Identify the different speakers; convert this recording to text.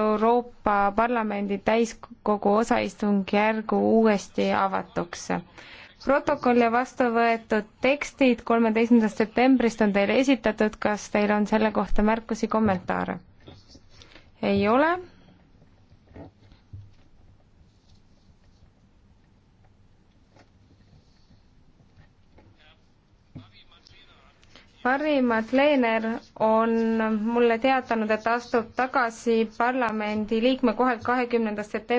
Speaker 1: Euroopa Parlamendi täiskogu osaistungjärgu uuesti avatuks. protokoll ja vastu võetud tekstid kolmeteistkümnendast septembrist on teile esitatud, kas teil on selle kohta märkusi, kommentaare? ei ole
Speaker 2: parimad Leener on mulle teatanud, et astub tagasi parlamendi liikme kohalt kahekümnendast septembrist.